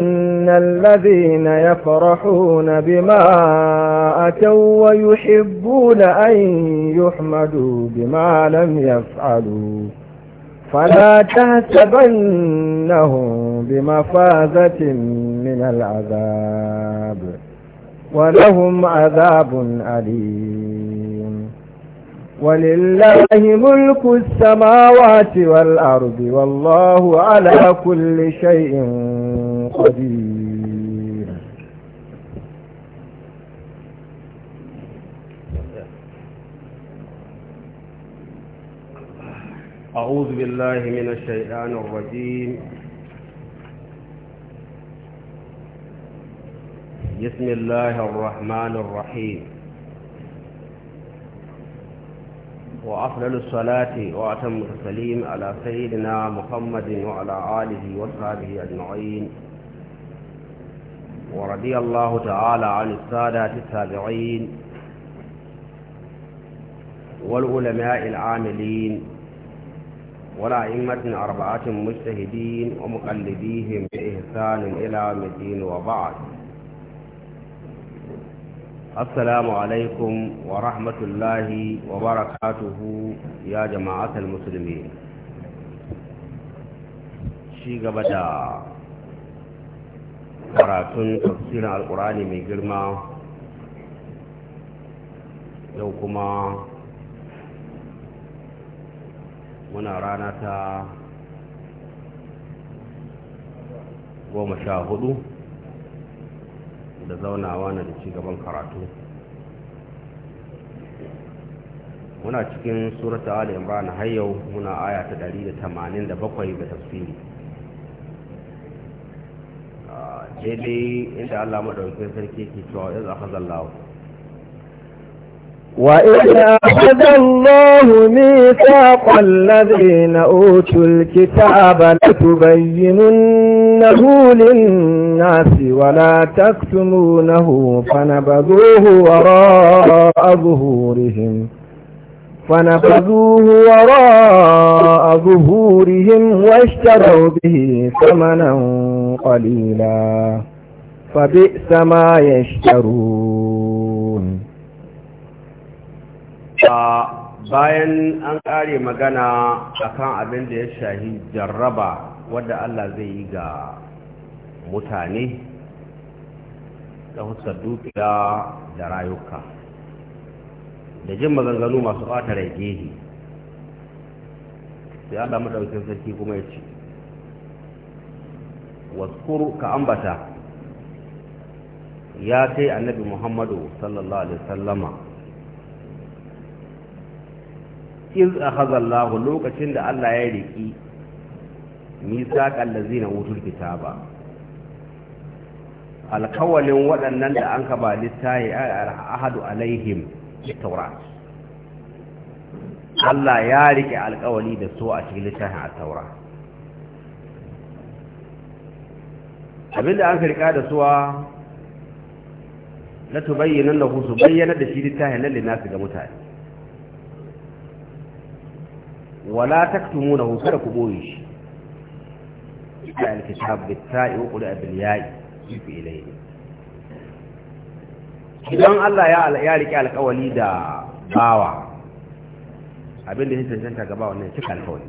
إن الذين يفرحون بما أتوا ويحبون أن يحمدوا بما لم يفعلوا فلا تحسبنهم بمفازة من العذاب ولهم عذاب أليم ولله ملك السماوات والأرض والله على كل شيء قدير أعوذ بالله من الشيطان الرجيم بسم الله الرحمن الرحيم وأفضل الصلاة وأتم التسليم على سيدنا محمد وعلى آله وصحبه أجمعين ورضي الله تعالى عن السادة التابعين والعلماء العاملين والأئمة أربعة مجتهدين ومقلديهم بإحسان إلى مدين وبعد السلام عليكم ورحمة الله وبركاته يا جماعة المسلمين شيء قبدا karatun tafsirin alkurani mai girma yau kuma muna rana ta goma sha hudu da zaunawa na da cigaban karatu muna cikin surata al-imran har yau muna aya ta 187 da tafsiri sai dai inda Allah madaukakin sarki ke cewa iza haza Allah wa iza haza Allah mi saqal ladina utul kitaba latubayyinannahu lin nas wa la taktumunahu fanabadhuhu wara zuhurihim فنبذوه وراء ظهورهم واشتروا به ثمنا قليلا فبئس ما يشترون bayan an ƙare magana akan abin da ya shahi jarraba wadda Allah zai yi ga mutane da hussar dukiya da rayuka da jin maganganu masu ɓata rai yi. sai Allah madaukin sarki kuma ya ce waskuru ka ambata ya kai annabi muhammadu sallallahu alaihi sallama iz akhadallahu lokacin da Allah ya riki misaqal hutu utul kitaba alkawalin waɗannan da an kaba littahi ahadu alaihim taurat Allah ya rike alkawali da su a cikin littafin a taurat abinda an karka da suwa na tubayyanan lahu su bayyana da shi littafin lalle nasu ga mutane wala taktumu lahu kada ku boye shi ta alkitab bitta'i wa qul'a bil ya'i fi ilayhi idan Allah ya ya rike alƙawali da bawa abinda ya tantanta ga bawa ne cika abin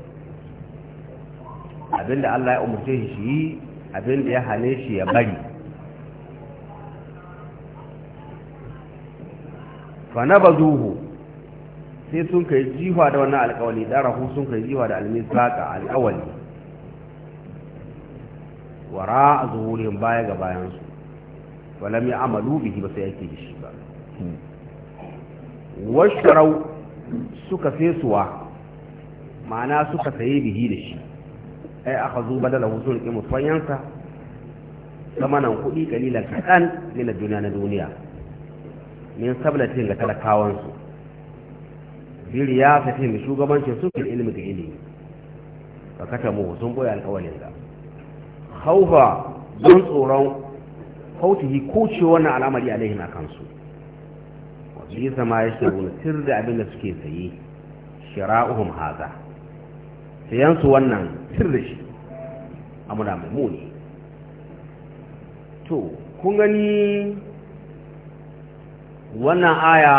abinda Allah ya umurce shi abin da ya hane shi ya bari fana ba zuhu sai sun kai jiwa da wannan alkawali ɗarahu sun kai jiwa da almisaka alkawali wara a zuhurin baya ga bayansu walam ya amalu bihi ba sai yake da shi ba washarau suka fesuwa ma'ana suka saye bihi da shi ai aka zo badala wasu riƙe musayyansa kuɗi kalilan kaɗan na duniya na duniya min sablatin ga talakawansu biri ya tafi da shugabancin su fil ilmi da ilimi ka kata mu sun boye alƙawalin ga haufa don tsoron hauti ko koce wannan al'amari alaihi na kansu wasu yi zama ya shi tir da abin da suke shira, shira'uhum haza sayansu wannan sirri shi a muna mummuni to kun gani wannan aya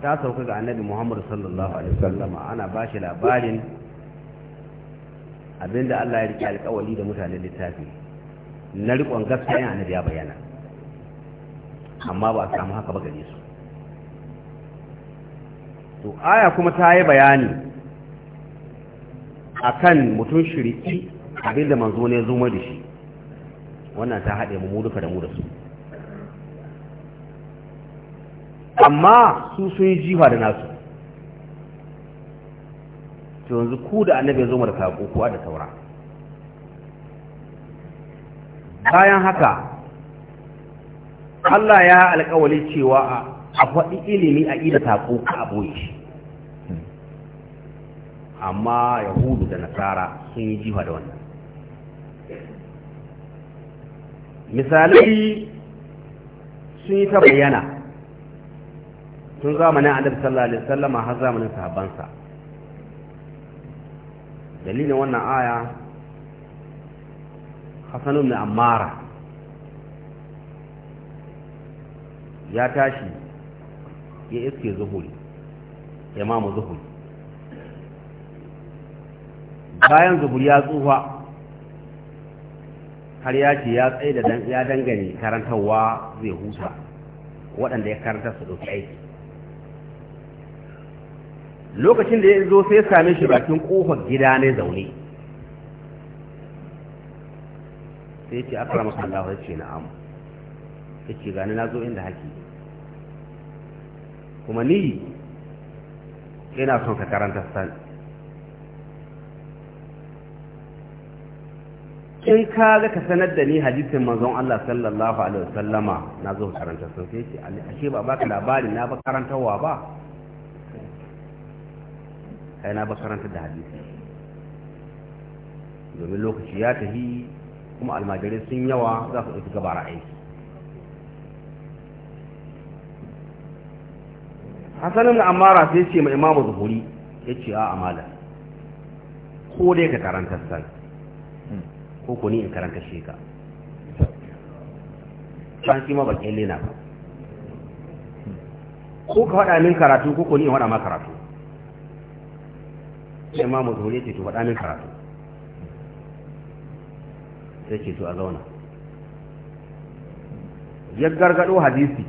ta sauka ga annabi muhammadu sallallahu alaihi wasallama ana ba shi labarin abinda allah ya riƙe alƙawali da mutanen littafi na riƙon gaskiya annabi ya bayyana amma ba a samu haka ba gare su to aya kuma ta yi bayani akan mutum shiriki abinda manzo ne zo da shi wannan ta haɗe mu duka da mu da su amma su sun yi jiwa da nasu to yanzu ku da annabi zo da sako kuwa da taura? bayan haka Allah ya alƙawali cewa a faɗi ilimi a ida taƙo ka aboye shi amma yahudu da nasara sun yi jiwa da wannan misalai sun yi ta bayyana tun zamanin adab sallallahu alaihi wasallam har zamanin sahabbansa dalilin wannan aya hasanu ibn amara ya tashi ya iske zuhuri imamu zuhuri bayan zubur ya tsufa har ya ce ya tsaye da ya dangane karantarwa zai huta waɗanda ya karanta su ɗauki aiki lokacin da ya zo sai ya same shi bakin ƙofar gida ne zaune sai ce aka ramar Allah ya ce na'am ya ce gani na zo inda haki kuma ni ina son ka karanta sani in ka ga ka sanar da ni hadisin manzon Allah sallallahu alaihi wasallama na zo karanta sun sai ce ashe ba baka labari na ba karantawa ba kai na ba karanta da hadisi domin lokaci ya tafi kuma almajirai sun yawa za su ɗauki gabara aiki hasanin da amara sai ce mai imamu zuhuri ya ce a amala ko dai ka karanta sai ko ko ni in karanta shi ka san shi ma ba kyalle na ba ko ka hada min karatu ko ko ni in hada ma karatu sai ma mu dole ce to hada min karatu sai ce to a zauna ya gargado hadisi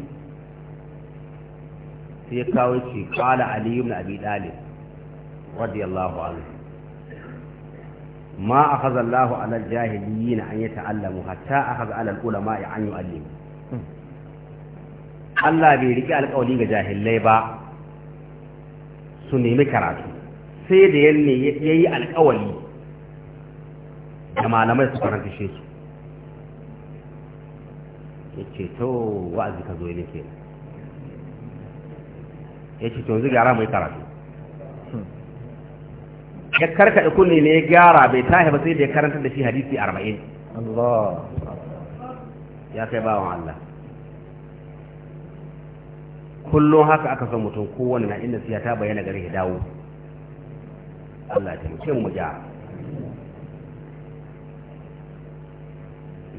sai ya kawo ce kala ali ibn abi talib radiyallahu anhu ما أخذ الله على الجاهليين أن يتعلموا حتى أخذ على العلماء أن يعلموا Allah bai riƙe alƙawari ga jahillai ba su nemi karatu sai da yanne ya yi alƙawari da malamai su faranta shi su ya ce to wa'azi ka zo ya ke ya ce to yanzu gyara mai karatu ya da kunne ne ya gyara bai tahi ba sai da ya karanta da shi hadisi 40 Allah ya kai bawan Allah kullum haka aka san mutum kowanne na inda siya ta bayyana gare ya dawo Allah ta mutum mu ja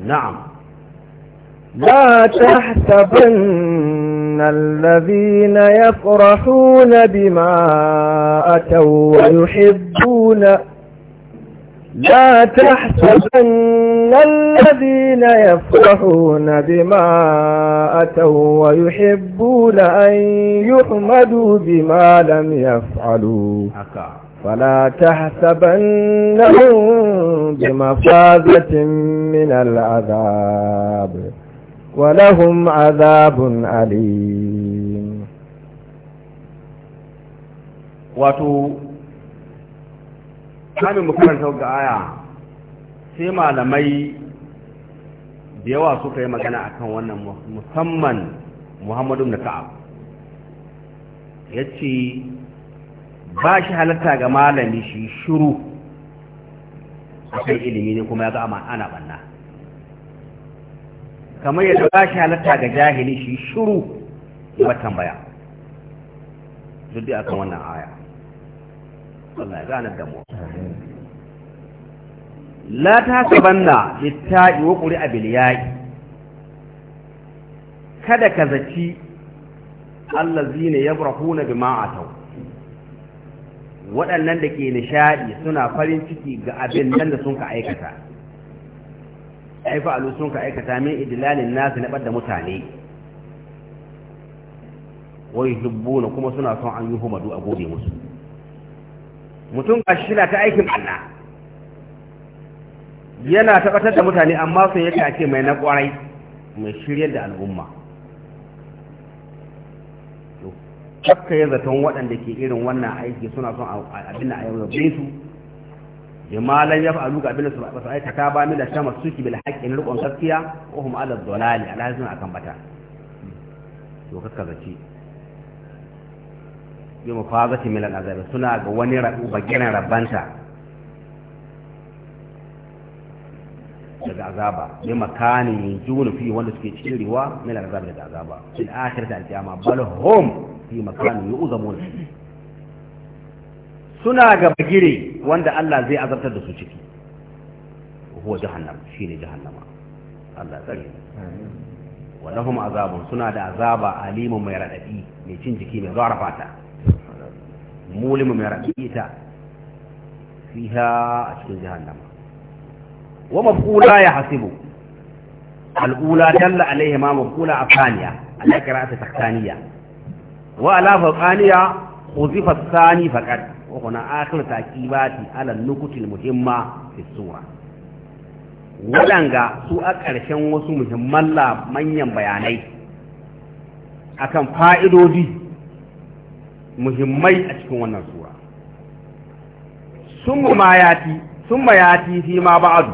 na'am la tahsaban إن الذين يفرحون بما أتوا ويحبون لا تحسبن الذين يفرحون بما أتوا ويحبون أن يحمدوا بما لم يفعلوا فلا تحسبنهم بمفازة من العذاب ولهم azabin أليم واتو kamin makaranta ga sai malamai da yawa suka yi magana akan wannan musamman muhammadu da ka'ab ya ce ba shi halatta ga malami shi shiru a kan ilimi ne kuma ya ga ana banna kamar yadda ba shi halatta ga jahili shi shuru ya ba tambaya duk da akan wannan aya Allah ya gane da mu la ta sabanna litta'i wa qur'a bil ya'i kada ka zaci allazina yabrahuna bima ataw waɗannan da ke nishaɗi suna farin ciki ga abin nan da sun ka aikata ai fa'alu sun ka aikata min idlalin nasu na ɓadda mutane wa yuhibbuna kuma suna son an yi humadu a gobe musu mutum ga shi ta aikin Allah yana tabbatar da mutane amma sun yake ake mai na kwarai mai shiryar da al'umma kakka ya zaton waɗanda ke irin wannan aiki suna son abin da a yau su bima lan yaf'alu ga abin da ba su ta ba min da tamassuki bil haqqi in rubon gaskiya wa hum ala dhalali alhazin akan bata to kaka zaci bi mufazati min al azab suna ga wani rabu bagiran rabanta daga azaba bi makani yujun fi wanda suke cikin riwa min al azab daga azaba fil akhirati al qiyamah bal hum fi makani yu'zamun suna ga bagire wanda Allah zai azabtar da su ciki huwa jahannam ne jahannama Allah tsare wa lahum azabun suna da azaba alimu mai radadi mai cin jiki mai zuwa fata mulimu mai radadi ita, fiha a cikin jahannama wa mafula ya hasibu al'ula dalla alaihi ma mafula afaniya ala qira'ati taktaniya wa ala faqaniya uzifa thani faqad وهنا آخر تعقيبات على النقط المهمة في السورة waɗanga su a ƙarshen wasu muhimman manyan bayanai akan fa'idodi muhimmai a cikin wannan sura sun mayati fi ma ba'adu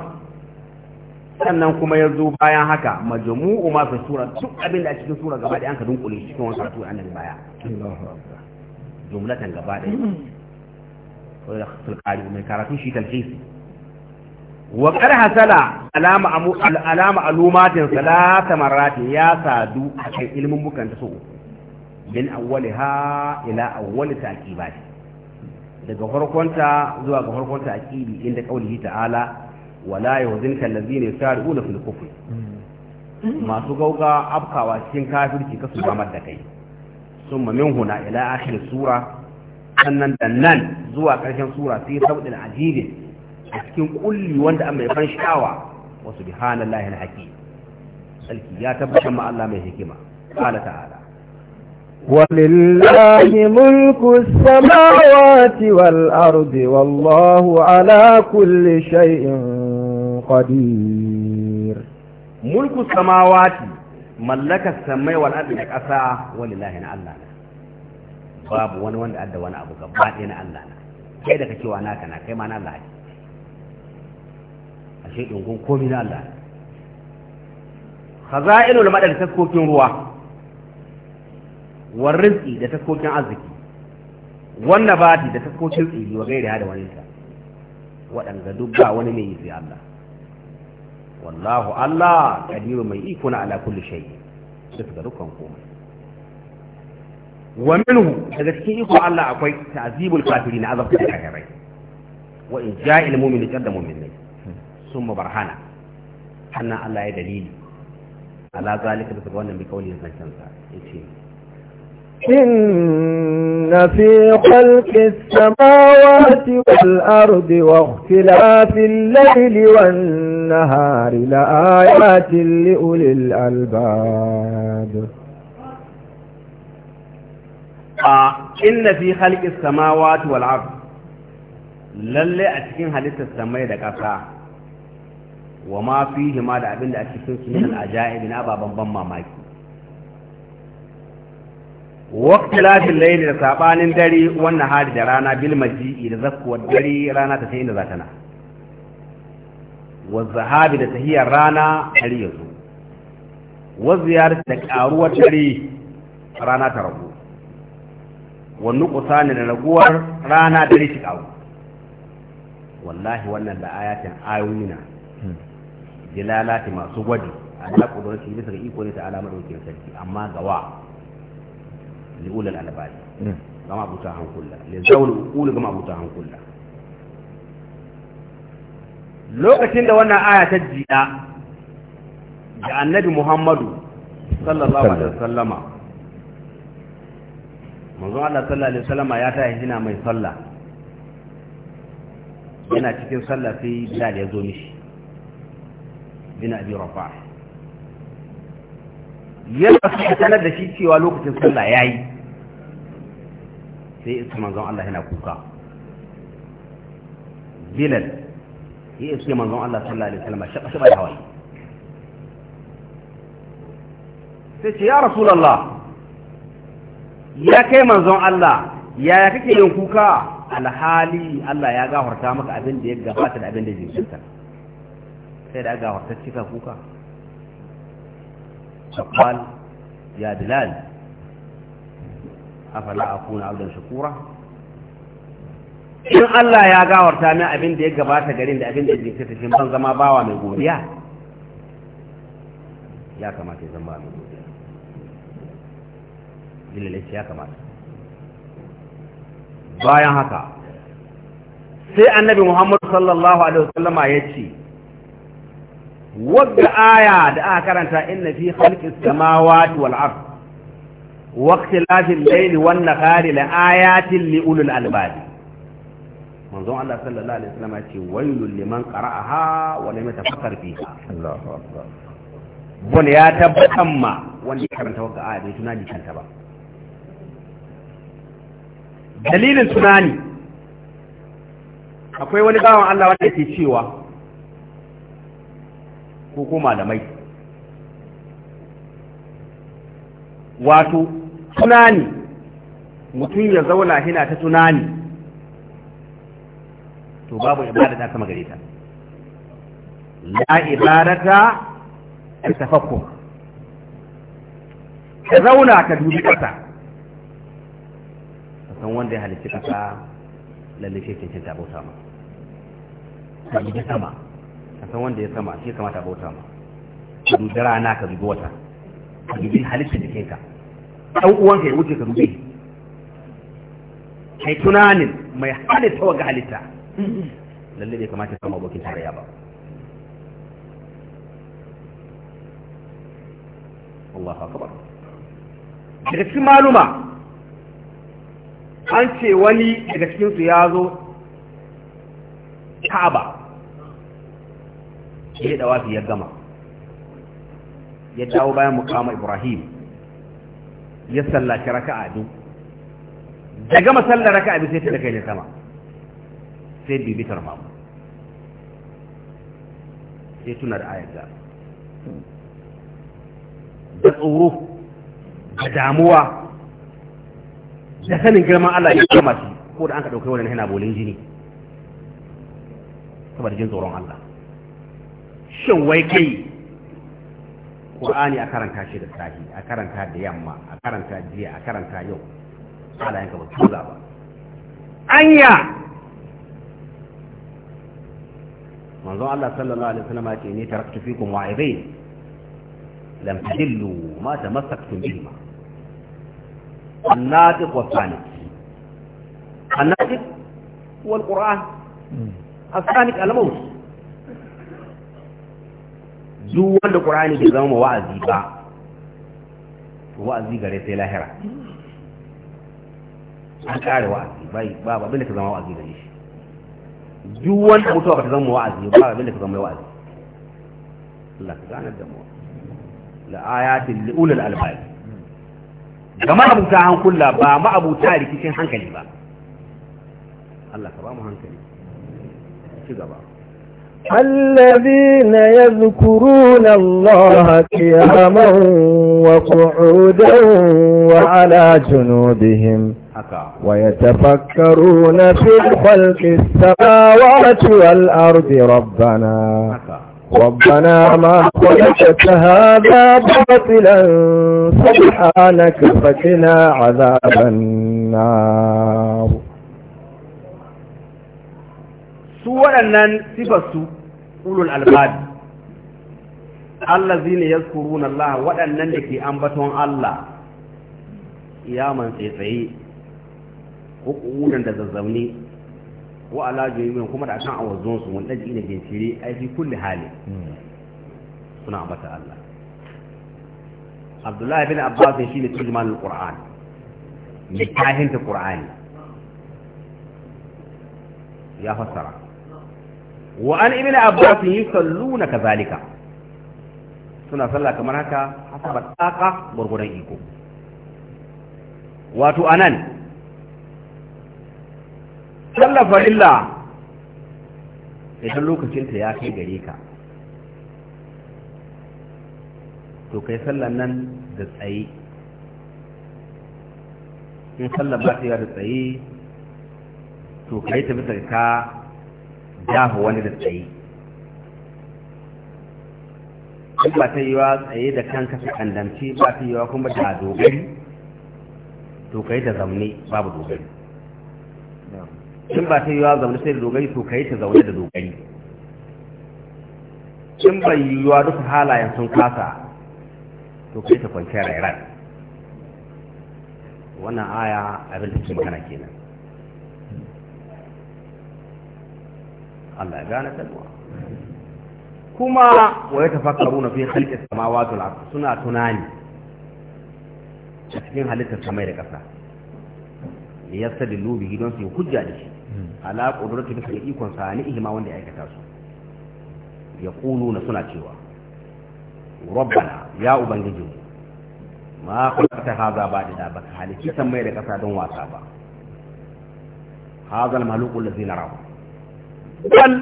sannan kuma ya zo bayan haka majmu'u ma fi sura duk abin da cikin sura gaba da an ka dunkule cikin wannan sura annabi baya Allahu akbar jumlatan gaba ɗaya tulqari mai hasala alama amu alama alumatin ya sadu akan ilmin bukan ta so min awwaliha ila daga farkonta zuwa ga farkonta aqibi inda qaulihi ta'ala wala yuzinka allazina yusari'una fil kufr masu gauga afkawa cikin kafirci kasu zamar da kai sun mamin huna ila akhir sura sannan da nan zuwa ƙarshen sura sai sauɗin ajibin a cikin ƙulli, wanda an mai ban sha'awa wasu subhanallahi alhakim sarki ya tabbatar ma Allah mai hikima qala ta'ala ولله ملك السماوات والأرض والله على كل شيء قدير ملك السماوات ملك السماء والأرض لك أساء ولله الله babu wani wanda adda wani abu gaba ɗaya na Allah na kai da kake wa naka na kai ma na Allah ne ashe dungun komai na Allah ne khaza'inul madad taskokin ruwa war rizqi da taskokin arziki wan nabati da taskokin tsiri wa gairi da wani ta waɗanda duk ba wani mai yi Allah wallahu Allah kadiru mai iko na ala kulli shay bisa ga dukkan komai ومنه هذا الشيء يقول الله أكوي تعذيب الكافرين هذا في وإن جاء المؤمن جد مؤمن ثم برهانا حنا الله دليل على ذلك بتقولنا بقوله ابن شمسة إن في خلق السماوات والأرض واختلاف الليل والنهار لآيات لأولي الألباب a inna fi khalqis samawati wal ard lalle a cikin halittar samai da ƙasa wa ma fihi ma da abin da a cikin su min ajaib na baban ban mamaki waqti lafin layli da sabanin dare wannan hari da rana bil maji'i da zakkuwar dare rana ta sai inda za ta na wa zahabi da tahiyar rana har yanzu wa ziyarar da karuwar dare rana ta rabu wannan ne da raguwar rana da rishi kawo wallahi wannan da ayatin ayoyi na jilalati masu gwadi a da shi bisa ga iko ne ta alamar wakil sarki amma gawa li'ulal albali hmm. gama abuta hankula li zaul uqul gama abuta hankula lokacin da wannan aya ta jida da annabi Muhammadu sallallahu alaihi wasallama manzon Allah sallallahu alaihi wasallam ya ta hina mai sallah yana cikin sallah sai Bilal ya zo mishi bin Abi Rafah yana sanar da shi cewa lokacin sallah yayi sai isa manzon Allah yana kuka Bilal ya iske manzon Allah sallallahu alaihi wasallam shaka shaba da hawaye sai ce ya Rasulullah ya kai manzon Allah yaya kake yin kuka alhali Allah ya gafarta maka abin da ya gabata da abin da jinkirta sai da gafarta cika kuka shakwal ya dilal afala akuna abdan shakura in Allah ya gafarta min abin da ya gabata garin da abin da jinkirta shin ban zama bawa mai godiya ya kamata ya zama mai godiya jilil ya kamata bayan haka sai annabi muhammadu sallallahu alaihi wasallama ya ce wadda aya da aka karanta inna fi khalqis samawati wal ard wa ikhtilafil layli wan nahari la ayatin li ulul albab manzon Allah sallallahu alaihi wasallam ya ce waylul liman qara'aha wa lam yatafakkar fiha Allahu akbar bon ya tabbatan ma wanda ya karanta wadda aya bai tunani kanta ba dalilin tunani akwai wani bawan Allah wanda ke cewa ko ko malamai wato tunani mutum ya zauna hina ta tunani to babu ibada ta sama gare ta la ibadata ta tafakkur ka zauna ka dubi kasa san wanda ya halicci kasa lalle shi ta bauta ma ka dubi sama ka san wanda ya sama shi kamata bauta ma ka dubi rana ka dubi wata ka dubi halittar jikinka ɗan ka ya wuce ka dubi kai tunanin mai halitta wa ga halitta lalle bai kamata kama abokin tarayya ba Allahu akbar daga cikin maluma an ce wani daga cikinsu ya zo ka'aba ya yi dawafi ya gama ya dawo bayan mukama ibrahim ya sallaki raka'a duk da gama sallar raka'a duk sai ta da kai ne sama sai bibitar mamu sai tuna da ayar da da tsoro da damuwa da sanin girman Allah ya kama su ko da an ka dauke wannan yana bolin jini saboda jin tsoron Allah shin wai kai Qur'ani a karanta shi da sahi a karanta da yamma a karanta jiya a karanta yau Allah yanka ba tura ba anya manzo Allah sallallahu alaihi wasallam ya ce ni taraktu fikum wa'idain lam tadillu ma tamassaktum bihima الناطق والثاني الناطق هو القرآن الثاني الموت duk wanda ƙur'ani bai zama wa'azi ba wa'azi gare sai lahira an kare wa'azi bai ba abin da ka zama wa'azi gare shi duk wanda mutuwa ba ta zama wa'azi ba abin da ka zama wa'azi Allah ka gane da mu la ayatin li ga ma'abuta hankula ba ma'abuta rikicin hankali ba Allah ka ba mu hankali ci gaba الذين يذكرون الله قياما وقعودا وعلى جنوبهم ويتفكرون في الخلق السماوات والأرض ربنا ربنا ما خلقت هذا باطلا سبحانك فقنا عذاب النار su waɗannan sifarsu ulul albadi allazi ne ya kuruna waɗannan da ke ambaton Allah ya man ko hukunan da zazzaune wa ala jami'in kuma da akan awazon su wanda ji ne gintiri ai fi kulle hali suna ambata Allah Abdullahi bin Abbas shi ne turjuman al-Qur'an ne kahinta ƙur'ani ya fassara wa an ibn sallu na kazalika suna sallah kamar haka hasabat taqa gurguran iko wato anan tallafa illa idan lokacinta ya kai gare ka to kai sallan nan da tsaye in sallan ba ta yi da tsaye to kai ta bisa ka jafa wani da tsaye in ba ta yi wa tsaye da kanka ta kandamci ba ta yi wa kuma da dogari to kai ta zaune babu dogari in ba ta wa zaune sai da dogari to kai ta zaune da dogari in bai wa duka halayen sun kasa to kai ta kwanciyar Iran? wannan aya abin da ke magana kenan Allah ya gane talwa kuma wa ya tafakkaru na fi halittar samawa suna tunani a cikin halittar samai da ƙasa ya sadi lubi don su yi hujja da shi ala qudrati bisa ga ikon sa ni ihma wanda ya aikata su yaquluna suna cewa rabbana ya ubangiji ma khalaqta hadha da, ba ka halici san mai da kasa don wasa ba hadha al-maluq alladhi narahu bal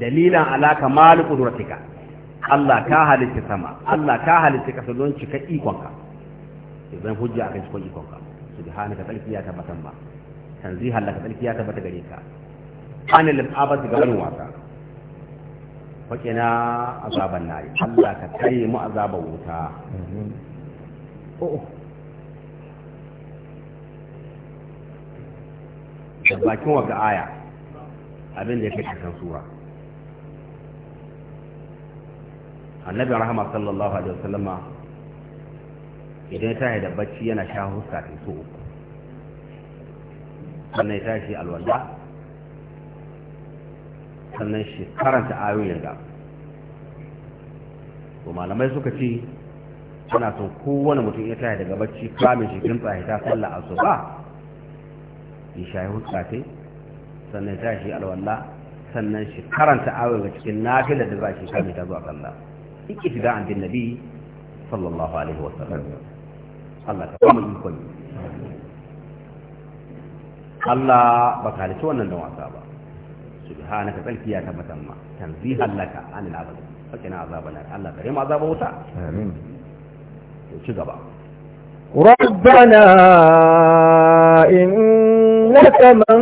dalilan ala kamal qudratika Allah ka halitta sama Allah ka halitta kasa don cika ikonka idan hujja akan cikin ikonka subhanaka talqiya tabatan ba Allah ka tsarki ya tabbata gare ka ana lisabas ga wani wasa na azaban nari Allah ka kare mu azaban wuta oh. da bakin wa ga aya abin da ya kai kasan sura annabi rahama sallallahu alaihi wasallama idan ta da bacci yana sha huska ta so uku sannan ya tashi alwala sannan shi karanta ayoyin ga to malamai suka ce ana son kowane mutum ya tashi daga bacci kamin shi kimtsa ya ta sallah asuba ya shayi hutsa ce sannan ya tashi alwala sannan shi karanta ayoyin ga cikin nafila da za shi kamin ta zuwa sallah ikki shiga an din nabi sallallahu alaihi wasallam Allah ka kuma ikon Allah ba ka halice wannan don wasa ba subhanaka tsarki ya tabbatar ma tanzihan laka anil abad fakina azaban Allah kare mu azaba wuta amin to ci gaba ربنا إنك من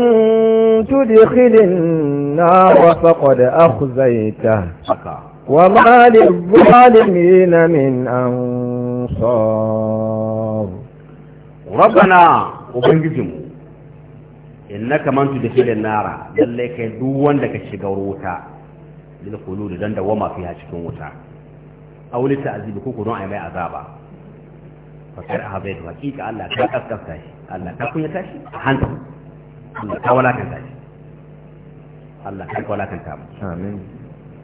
تدخل النار فقد أخزيته وما للظالمين من أنصار ربنا وبنجزمه innaka man tudkhilin nara lalle kai duk wanda ka shiga wuta lil khulud dan dawama fiha cikin wuta aw li ta'zibi ko don ai mai azaba fa kar abai hakika Allah ka kaskafta shi Allah ka kunya tashi a hanta Allah ka wala kan tashi Allah ka wala kan ta amin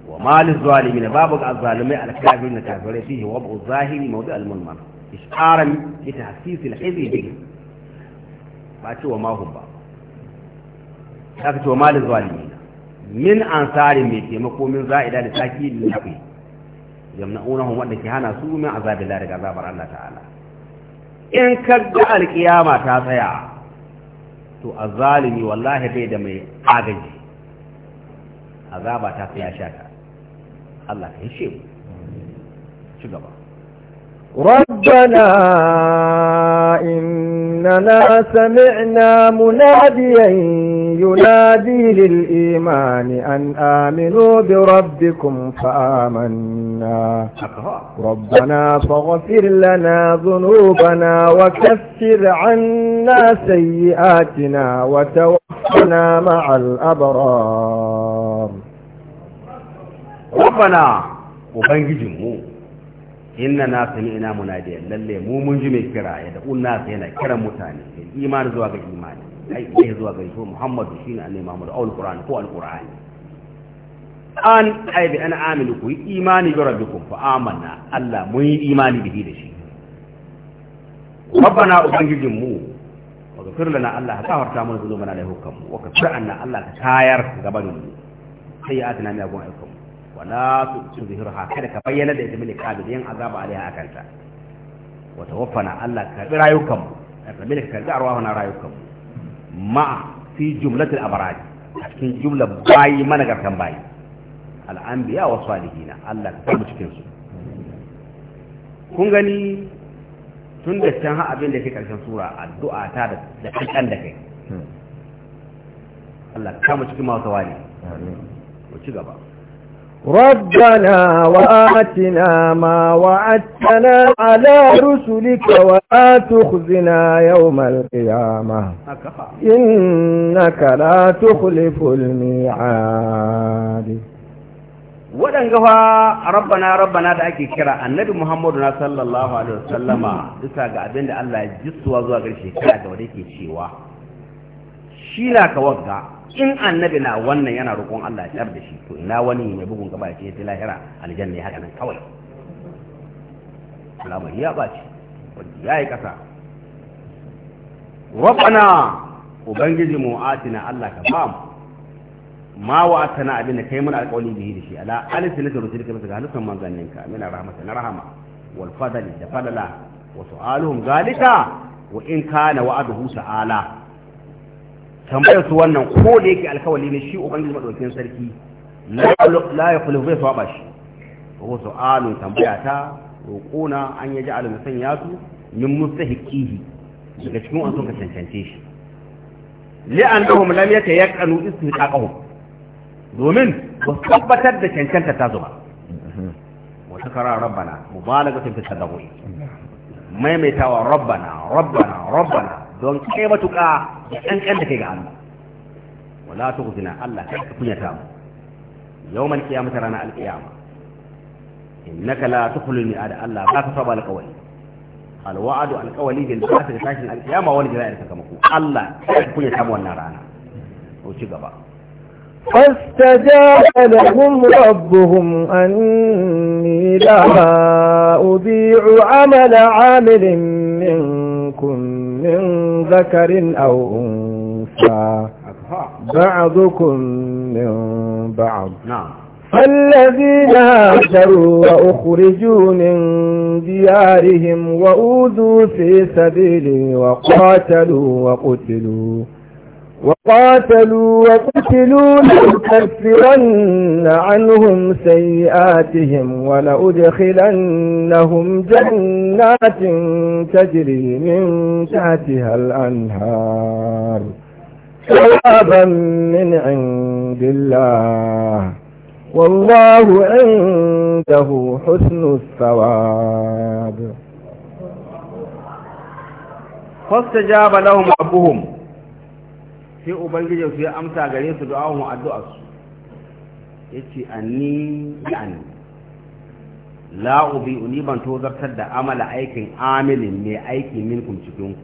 wa malil zalimin babu azzalimai alkafirin kafirai fihi wabu zahiri mawdu almunmar isharan li tahsis alhizbi ba ci wa mahum ba haka ce wa malin zalimi min ansari mai taimako min za'ida da saki da nafi yamna'unahum wanda ke hana su min azabi la daga azabar Allah ta'ala in ka ga alkiyama ta tsaya to azalimi wallahi bai da mai agaji azaba ta tsaya shata Allah ka hishe mu ci gaba ربنا إننا سمعنا مناديا ينادي للإيمان أن آمنوا بربكم فآمنا ربنا فاغفر لنا ذنوبنا وكفر عنا سيئاتنا وتوفنا مع الأبرار ربنا وبنجي جمهور inna na ina munadiya lalle mu mun ji mai kira ya da'un na yana kiran mutane da imani zuwa ga imani ai dai zuwa ga shi Muhammadu shine annabi Muhammad aul Qur'an ko al Qur'an an ai bi ana aminu ku imani ga rabbikum fa amanna Allah mun yi imani bihi da shi rabbana ubangijin mu wa ghfir lana Allah ka farta mana zulumana da hukum wa ka anna Allah ka tayar gaban mu sai ya atina mai agon wala tuzhirha kada ka bayyana da ita bil qabil yan azaba alaiha akanta wa tawaffana Allah ka bi rayukan mu ka bi ka ga arwahuna rayukan mu ma fi jumlatil abrad a cikin jumla bayi managartan bayi al anbiya wa salihin Allah ka mu cikin su kun gani tun da can ha abin da ke karshen sura addu'a ta da kankan da kai Allah ka mu cikin masu wani mu ci gaba ربنا وآتنا ما وعدتنا على رسلك ولا تخزنا يوم القيامة إنك لا تخلف الميعاد ودن fa ربنا ربنا da ake kira annabi muhammadu na sallallahu alaihi wasallama bisa ga abin da Allah ya jissuwa zuwa garshe kira ga wanda yake cewa shi na ka in annabi na wannan yana roƙon Allah ya da shi to ina wani mai bugun gaba ya ce ta lahira aljanna ya haka nan kawai al'amari ya ɓaci wanda ya yi ƙasa rabbana ubangiji mu atina Allah ka ba mu ma wa atana abin da kai mun alƙawari bihi da shi ala alisinata rusul ka ga halittar manzanninka mina rahmata na rahama wal fadli da fadala wa su'aluhum zalika wa in kana wa'aduhu sa'ala tambayar su wannan ko da yake alkawali ne shi ubangiji madaukakin sarki la ya kulu bai saba shi ko alu tambaya ta na an ya ji alamu sanya su min mustahiqihi daga cikin wasu ka cancance shi li'annahum lam yatayaqqanu istiqaqahum domin ba tabbatar da cancanta ta zuba wata kara rabbana mubalagatin fi tadawwi maimaitawa rabbana rabbana rabbana don kai matuka. ان انت كي غام ولا تغزنا الله كن يتام يوم القيامة رانا القيامة إنك لا تخل المئادة الله ما تصاب على قولي قال وعد على قولي بالبعث لتعيش القيامة ولجزائر كمقوم الله كيف كن يتام والنارانا وشقبا فاستجاب لهم ربهم أني لا أضيع عمل عامل منكم من ذكر أو أنثى بعضكم من بعض نعم. فالذين هاجروا وأخرجوا من ديارهم وأوذوا في سبيلي وقاتلوا وقتلوا وقاتلوا وقتلوا لأكفرن عنهم سيئاتهم ولأدخلنهم جنات تجري من تحتها الأنهار ثوابا من عند الله والله عنده حسن الثواب فاستجاب لهم ربهم sai ubangijin su ya amsa gare su du'ahun addu'arsu ya ce anni yani la'ubi uni ban tozartar da amala aikin amilin mai aiki minkum cikinku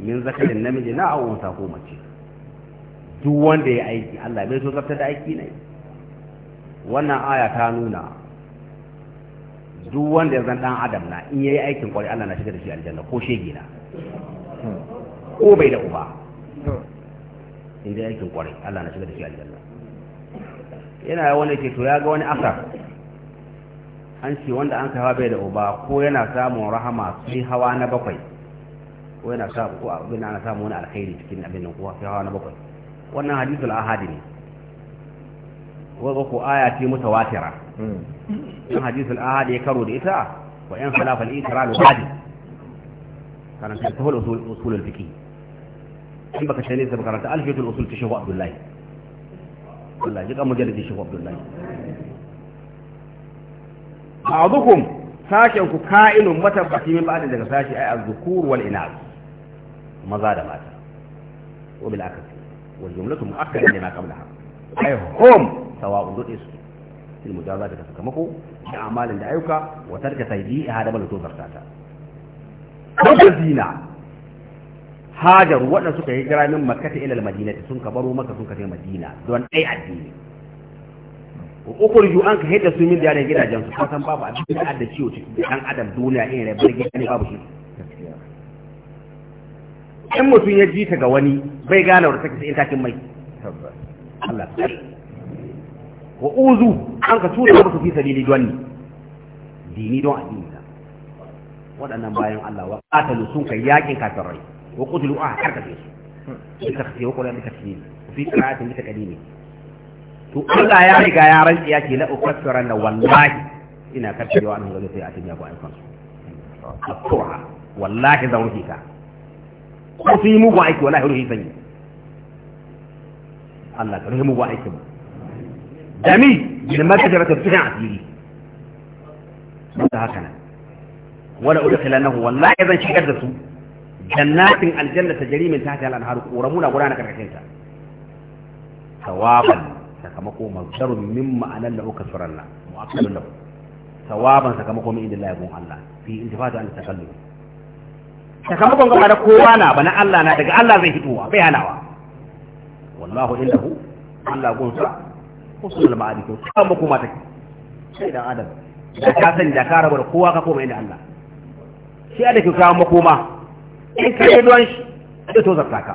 min zakarin namiji na awon sako mace duk wanda ya aiki Allah bai tozartar da aiki ne wannan aya ta nuna duk wanda ya zan dan adam na in yayi aikin kwari Allah na shiga da shi aljanna ko shege na ko bai da uba in dai aikin kwarai Allah na shiga da shi aljanna yana wani ke to ya ga wani asar an ce wanda an kawo bai da uba ko yana samun rahama sai hawa na bakwai ko yana samun ko abin ana samun wani alkhairi cikin abin nan kuwa sai hawa na bakwai wannan hadithul ahadi ne wa ko aya ce mutawatira in hadithul ahadi ya karo da ita wa in khalafa al-itrar al-hadi kana ta tuhul usul al-fiqh in baka shane sa makaranta alfiyatul usul ta shehu abdullahi wallahi jikan mujalladi shehu abdullahi ba'dukum sashen ku ka'inun matabbati min ba'din daga sashi ay az-zukur wal inath maza da mata wa bil akasi wal jumlatu mu'akkada lima qablaha ay hum sawa'un dudi su fil mujazati da sakamako da amalin da ayyuka wa tarka sayyi'a da bal tozarta ta zina hajar waɗanda suka yi jira min makka ta ilal madinati sun ka baro maka sun ka kai madina don ɗai addini ukurju an ka hidda su min da gidajen su kasan babu abin da adda ciwo ciki dan adam duniya in rai bar ne babu shi in mutum ya ji ta ga wani bai gane wata take sai in takin mai Allah wa uzu an ka tura musu fi sabili don ni dini don addini waɗannan bayan Allah wa qatalu sun kai yakin kafirai وقتلوا أحد آه، في يسوع بتخفيه وقل أنت تكليم وفي قراءات أنت تكليم تقول يا رجا يا رجا يا لا أكثر انا والله إن أكثر وأنه لم يأتي يا أبو أي فنس أكثرها والله ذوهيك وفي مبعك ولا هلوه فني الله تعالى مبعك دمي لما تجبت بسرعة لي هذا هكذا ولا أدخل أنه والله إذا شكرت jannatin aljanna ta jari min tahtiha al-anharu ƙoramu na gudana karkashin ta sawaban sakamako mazdarun min ma'anan da uka suranna mu'akkalun lahu sawaban sakamako min indillahi gun Allah fi intifatu an takallum sakamakon gaba da kowa na bana Allah na daga Allah zai fitowa bai hanawa wallahu indahu Allah gun sa husnul ma'adi ko sakamako ma take sai da adam da ka san da ka rabu da kowa ka koma inda Allah shi da ke makoma in ka yi don shi zai to zarta ka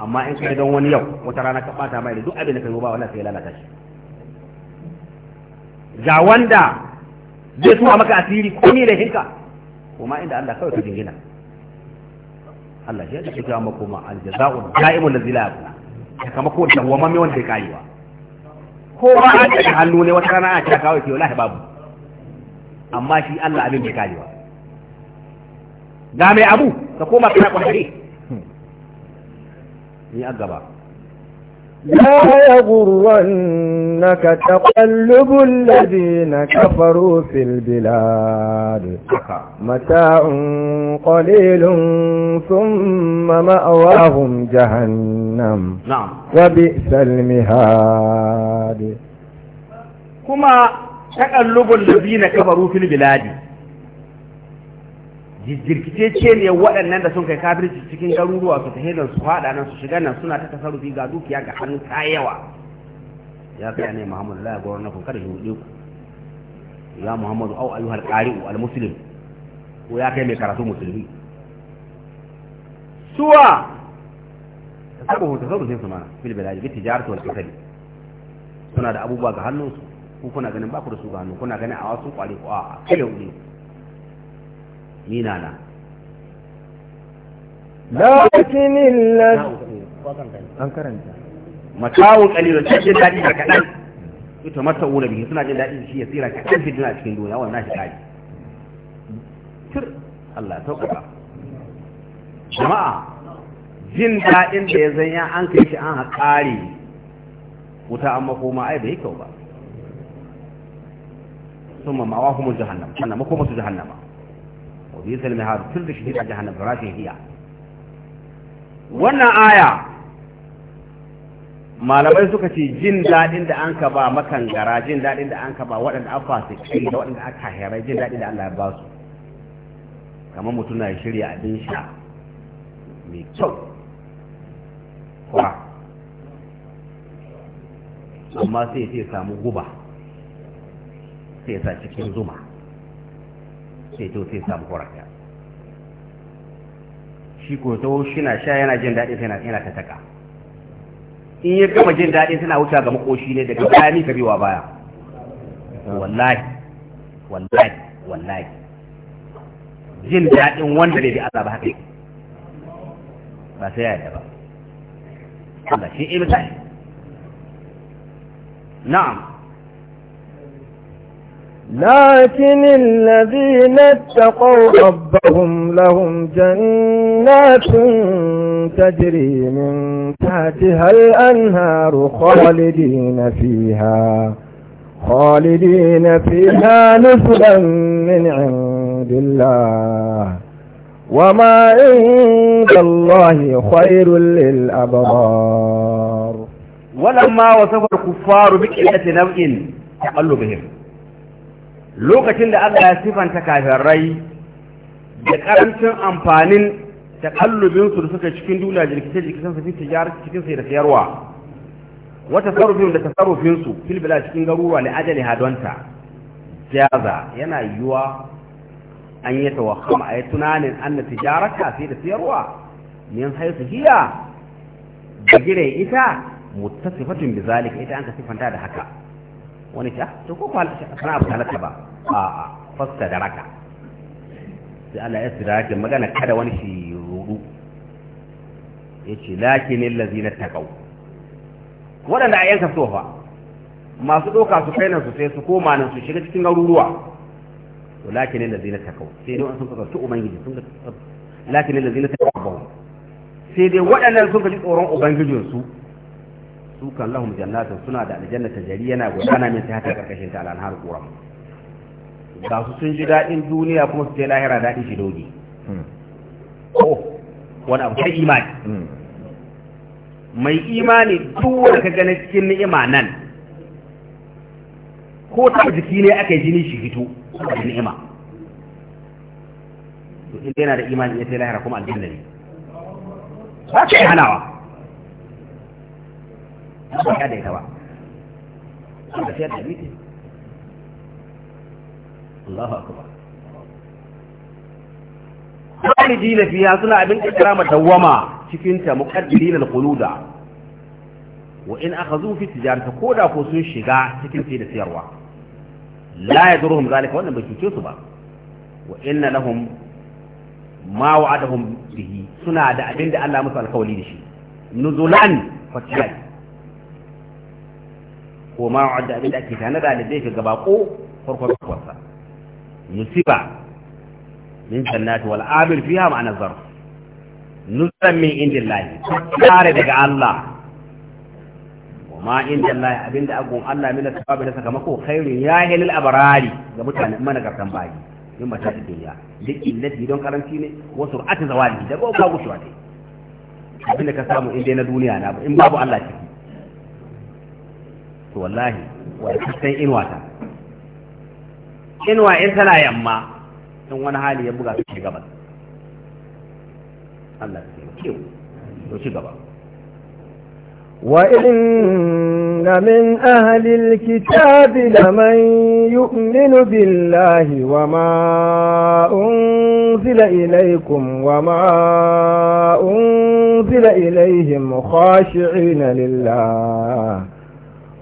amma in ka yi don wani yau wata rana ka bata mai da duk abin da ka yi ba wannan sai lalata shi ga wanda zai tuwa maka asiri ko ni da hinka kuma inda Allah kawai ka jingina Allah shi yadda kira maka kuma aljaza'u da'imul ladzi la yaqla sakamako da mai wanda ya karewa ko ba a cikin hannu ne wata rana a cikin kawai ke wala babu amma shi Allah abin bai karewa دامي mai تقوم ka koma kana kwanari لا يغرنك تقلب الذين كفروا في البلاد متاع قليل ثم مأواهم جهنم نعم وبئس المهاد كما تقلب الذين كفروا في البلاد ce ne waɗannan da sun kai kafirci cikin garuruwa su ta hidan su faɗa nan su shiga nan suna ta tasarufi ga dukiya ga hannu ta yawa ya kai ne muhammadu la ya gwara na kuka da ku ya muhammadu au ayu halƙari'u al-muslim ko ya kai mai karatu musulmi suwa hoto tasarufin su mana fil bilaji bi tijaratu wal kasali suna da abubuwa ga hannunsu ku kuna ganin ba ku da su ga hannu kuna ganin a wasu kwari ko a kai yau ne minana na na lakin lillahi an karanta matawun kalilun cikin daɗi da kaɗan ita mata wuna biyu suna jin daɗi shi ya tsira kaɗan fi duna cikin duniya wannan shi daɗi tur Allah ka. jama'a jin daɗin da ya zanya an kai shi an haƙari wuta an makoma ai bai kyau ba sun mamawa kuma jahannama sannan makoma su jahannama bi mihar tun da shahida jahannam rashin hiya wannan aya malamai suka ce jin daɗin da an ka ba makangara jin daɗin da an ka ba waɗanda an da waɗanda aka hairai jin daɗin da Allah ya ba su kamar mutum na shirya abin sha mai kyau kwa amma sai sai samu guba sai sa cikin zuma sai to sai samu horarta shi ko to shi na sha yana jin daɗi sai yana ta taka in ya gama jin daɗi suna wuta ga makoshi ne daga baya ni kabewa baya wallahi wallahi wallahi jin daɗin wanda bai bi Allah ba haka ba sai ya yarda ba Allah shi ibtai na'am لكن الذين اتقوا ربهم لهم جنات تجري من تحتها الأنهار خالدين فيها خالدين فيها نفلا من عند الله وما عند الله خير للأبرار ولما وصف الكفار بكلة نوع تقلبهم lokacin da Allah ya sifanta kafirai da karancin amfanin taƙallubinsu da suka cikin duniya jirkice jirkicen su fi tijar cikin sai da sayarwa wata sarrufin da tasarrufinsu fil bila cikin garuruwa ne ajali hadonta jaza yana yiwuwa an yi tawakkama a yi tunanin an na tijarata sai da sayarwa min haisu hiya da gire ita mutasifatun bizalika ita an ka sifanta da haka wani ta to ko kwal sana abu halatta ba a a fasta da raka sai Allah ya ke magana kada wani shi rudu yace lakin allazina taqaw waɗanda a yanka sofa masu ɗauka su kai nan su sai su koma nan su shiga cikin garuruwa to lakin allazina taqaw sai dai sun kaga su ubangiji sun lakin allazina taqaw sai dai waɗannan sun ga tsoron su sukan lahum jannatin suna da aljanna ta jari yana gudana min sai ta karkashin ta alhar kuram ga su sun ji daɗin duniya kuma su je lahira daɗin shi dogi ko hmm. oh, wani abu sai imani hmm. mai imani duk wanda ka gani cikin ni'ima nan ko ta jiki ne aka yi jini shi fito da ni'ima to in yana da imani ya sai lahira kuma aljanna ne ba ce hanawa ba ya da ita ba da sai da hadisi Allahu akbar khalidi na fiya suna abin ikrama dawama cikin ta muqaddirin al-quluda wa in akhadhu fi tijarati koda ko sun shiga cikin sai da siyarwa la yadurhum zalika wannan bai cuce su ba wa inna lahum ma wa'adahum bihi suna da abin da Allah musu alkawali da shi nuzulan fatiyai ko ma wadda abin da ake tana da zai ga bako farkon kwarsa musiba min jannati wal amil fiha ma'ana zarf nuzan min indillahi tare daga Allah wa ma indillahi abinda agun Allah min sababi da sakamako khairin ya hilal abrari ga mutane mutanen managartan bayi min mata duniya duk illati don karanci ne ko sur'ati zawali da ba gushuwa dai abinda ka samu inda na duniya na ba in babu Allah ciki to wallahi wa san inuwa ta inuwa in tana yamma in wani hali ya buga su gaba Allah ya ce to ci gaba وإن من أهل الكتاب لمن يؤمن بالله وما أنزل إليكم وما أنزل إليهم خاشعين لله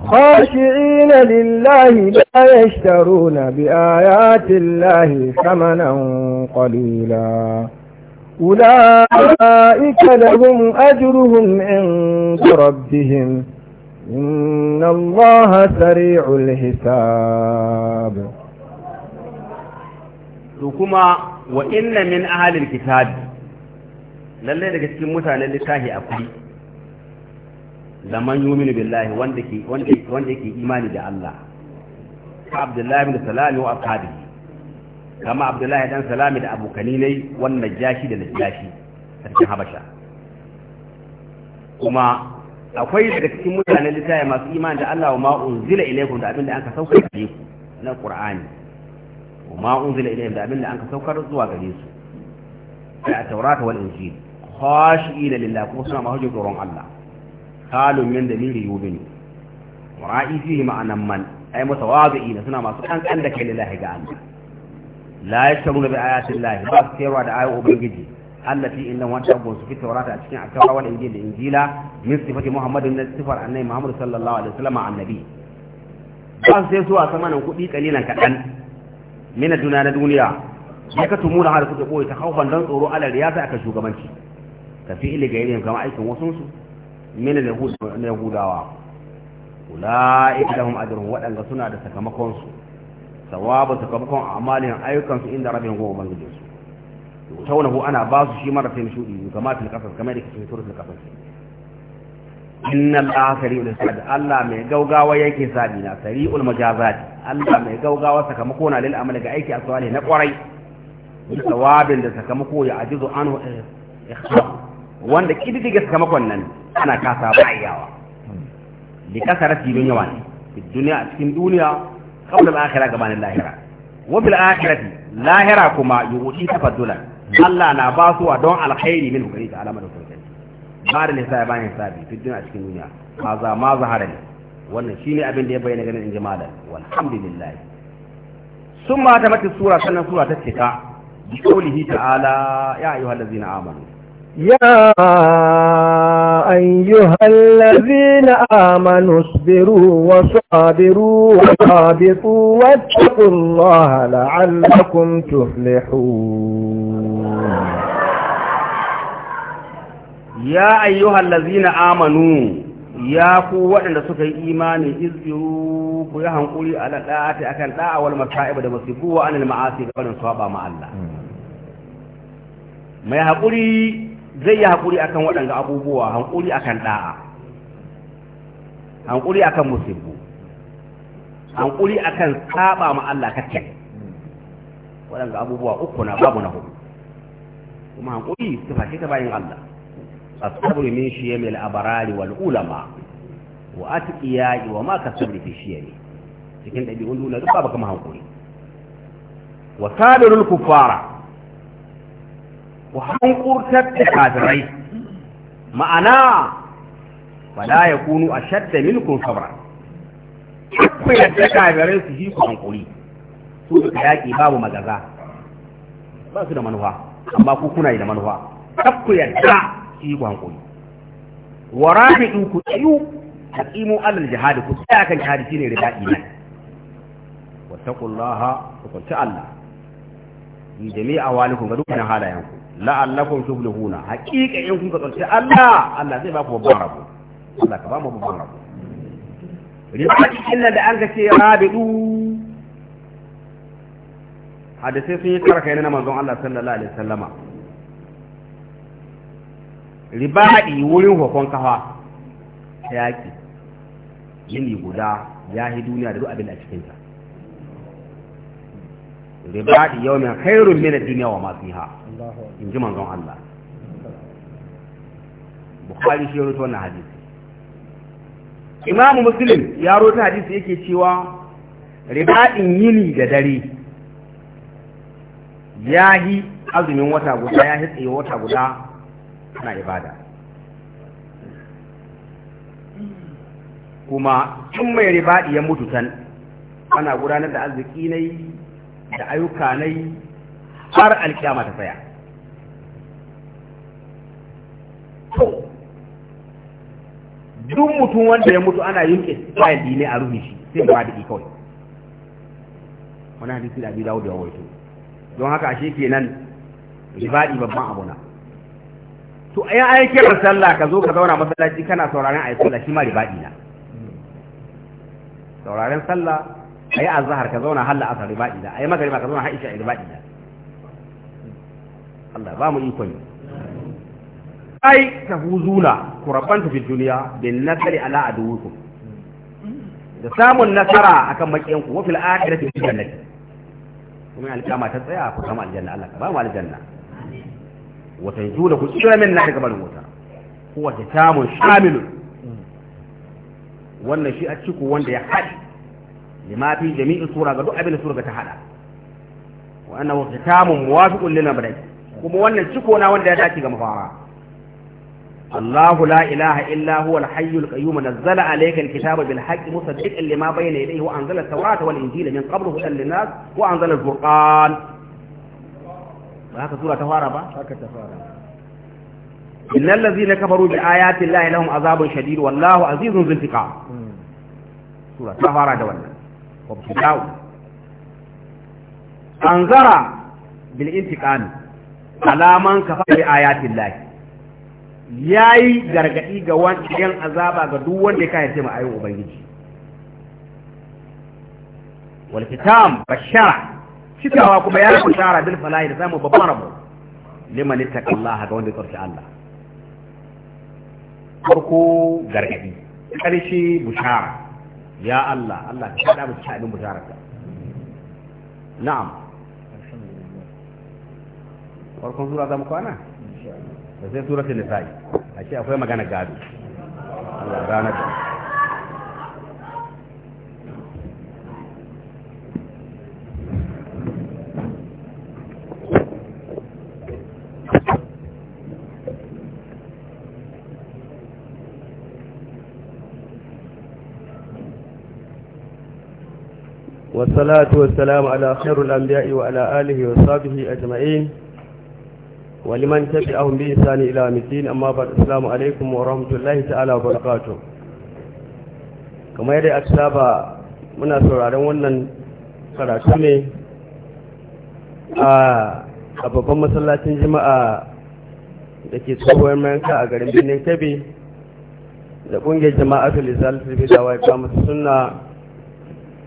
خاشعين لله لا يشترون بآيات الله ثمنا قليلا أولئك لهم أجرهم عند ربهم إن الله سريع الحساب kuma wa inna min ahalil kitabi lalle daga cikin mutanen littafi akwai da man yuminu billahi wanda ke wanda wanda yake imani da Allah ka Abdullahi bin Salami wa ashabi kama Abdullahi dan Salami da abokani ne wannan jashi da najashi a cikin Habasha kuma akwai daga cikin mutanen littafi masu imani da Allah wa ma unzila ilaikum da abinda anka saukar gare ku na Qur'ani wa ma unzila ilaikum da abin abinda anka saukar zuwa gare su da Taurat wal Injil khashina lillahi kuma suna mahujin tsoron Allah halun min damiri yubin ra'i fihi ma'anan man ay mutawadi'ina suna masu kankan da kai lillahi ga Allah la yashtaruna bi ayati llahi ba su kaiwa da ayoyin ubangiji allati inna wa tabun su fi tawrata a cikin akawa wal injil da injila min sifati muhammadin na sifar annabi muhammad sallallahu alaihi wasallam annabi ba su sai su a samanin kudi kalilan kadan. min duniya na duniya ya ka tumuna har kuke boye ta kaufan don tsoro alal riyasa aka shugabanci ka fi ili ga yin aikin aikin su. min al hudawa ulaika da ajrun wadanga suna da sakamakon su sawabu sakamakon amalin ayyukan su inda rabbin gowa ubangijin su taunahu ana ba su shi mara tayin shudi kama fil qasas kama da ke da cikin suratul qasas innal akhari ul sad Allah mai gaugawa yake sabi na sari'ul majazat Allah mai gaugawa sakamako na lil amali ga aiki a aswali na kwarai da sawabin da sakamako ya ajizu anhu eh, ikhfa wanda kididdiga sakamakon nan ana kasa ba yawa li kasara tilon yawa ne fi duniya a cikin duniya kawai da akhira gabanin lahira wa fil akhirati lahira kuma yuti tafaddulan Allah na ba su don alkhairi min hukari ta alamar hukari ba da nisa ba ne sabi fi duniya a cikin duniya ma za ma zahara ne wannan shine abin da ya bayyana ganin in inji malam sun summa ta mata sura sannan sura ta cika bi qawlihi ta'ala ya ayyuhallazina amanu يا أيها الذين آمنوا اصبروا وصابروا وصابطوا واتقوا الله لعلكم تفلحون يا أيها الذين آمنوا يا قوة أن سكي إيماني اصبروا كيهن قولي على الآتي أكن لا أول مكائب دمسكوا عن المعاصي قبل صوابا مع الله ما يحقولي zai yi haƙuri akan waɗanda abubuwa hankuri akan ɗa'a hankuri akan musibbu hankuri akan saba ma Allah kacce waɗanda abubuwa uku na babu na hudu kuma hankuri sifa ce ta bayan Allah A asabru min shiyamil abarari wal ulama wa atqiya wa ma ka kasabri fi shiyami cikin dabi'un duniya duk babu kama hankuri wa sabirul kuffara ku hankurtar da kafirai ma'ana wala ya kunu a shadda milkun sabra ku yadda kafirai su yi ku hankuri su da yaƙi babu magaza ba su da manufa amma ku kuna yi da manufa kar ku yadda su yi ku hankuri wa rafidu ku tsayu hakimu alal jihad ku tsaya kan jihad shine riba'i wa taqullaha ku kunta Allah bi jami'a walikum ga dukkan halayenku la'allakum tuflihuna haqiqa in kuka tsanci Allah Allah zai baku babban rabo Allah ka ba mu babban rabo ribati illa da an ga ce rabidu hadisi sun yi karka yana manzon Allah sallallahu alaihi wasallama ribadi wurin hukun kafa yaki yini guda ya yi duniya da duk abin a cikin ta ribadi yawmin khairun min ad-dunya wa ma fiha in ji manzon Allah bukhari shi ya rawaito wannan hadisi imamu muslim ya rawaito hadisi yake cewa ribaɗin yini da dare ya yi azumin wata guda ya yi tsaye wata guda na ibada kuma in mai ribaɗi ya mutu tan ana gudanar da arziki yi da ayyuka yi har alkiyama ta tsaya duk mutum wanda ya mutu ana yin fayil ɗi a rufi shi sai ba da kawai wani hadisi da abi dawo da yawaito don haka ashe nan ribaɗi babban abu na to ya aiki kiran sallah ka zo ka zauna masallaci kana sauraron ayi sallah shi ma ribaɗi na sauraron sallah ayi azhar ka zauna halla asar ribaɗi na ayi magariba ka zauna haisha ribaɗi na Allah ba mu ikon yi ai huzuna ku rabanta fi duniya bin nasari ala aduwukum da samun nasara akan makiyan ku wafil akhirati fi jannati kuma alkama ta tsaya ku kama aljanna Allah ka ba mu aljanna wa tanjuna ku tsira min nahar gaban wuta huwa kitamun shamilun wannan shi a ciku wanda ya hadi lima fi jami'in sura ga duk abin da sura ta haɗa wa annahu kitamun muwafiqun lil mabda'i kuma wannan ciko na wanda ya dace ga mafara الله لا إله إلا هو الحي القيوم نزل عليك الكتاب بالحق مصدقا لما بين يديه وأنزل التوراة والإنجيل من قبله هدى للناس وأنزل الفرقان هكذا سورة تفارة هكذا تفارة إن الذين كفروا بآيات الله لهم عذاب شديد والله عزيز ذو انتقام سورة تفارة دولة وابتداء أنذر بالانتقام على من كفر بآيات الله Ya yi gargadi ga yan azaba ga duk wanda ya kayan ma ma'ayin ubangiji wal kitam bashara cikawa kuma ya ku shara bil falahi da samun babban rabu liman Allah ga wanda ya tsarki Allah farko gargadi karshe bushara ya Allah Allah ka shaɗa mu shaɗin abin bushararka na'am farkon sura zamu kwana da sai suratul nisa'i ashe akwai magana gado Allah ranar da والصلاة والسلام على خير الأنبياء وعلى آله وصحبه أجمعين ولمن تبعهم بإحسان إلى مدين أما بعد السلام عليكم ورحمة الله تعالى وبركاته كما يدعي أكسابا من أسرع روانا قرأتني a babban masallacin jima'a da ke tsohuwar mayanka a garin birnin kebbi da ƙungiyar jama'a tulisar turbi da waika masu suna